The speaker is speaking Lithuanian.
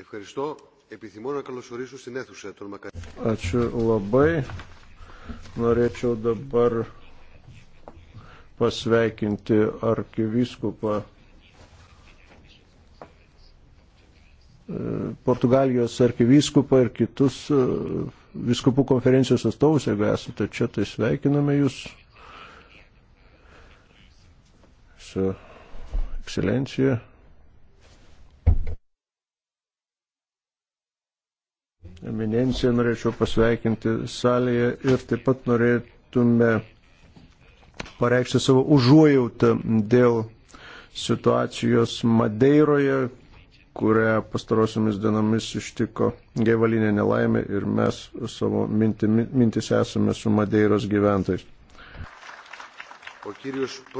Ευχαριστώ. Επιθυμώ να καλωσορίσω στην αίθουσα τον Μακαρίτης. Ačiū labai. Norėčiau dabar pasveikinti arkivyskupą e, Portugalijos arkivyskupą ir kitus e, viskupų konferencijos atstovus, jeigu esate čia, tai sveikiname jūs su ekscelencija. eminenciją norėčiau pasveikinti salėje ir taip pat norėtume pareikšti savo užuojautą dėl situacijos Madeiroje, kurią pastarosiomis dienomis ištiko gaivalinė nelaimė ir mes savo mintis esame su Madeiros gyventojais.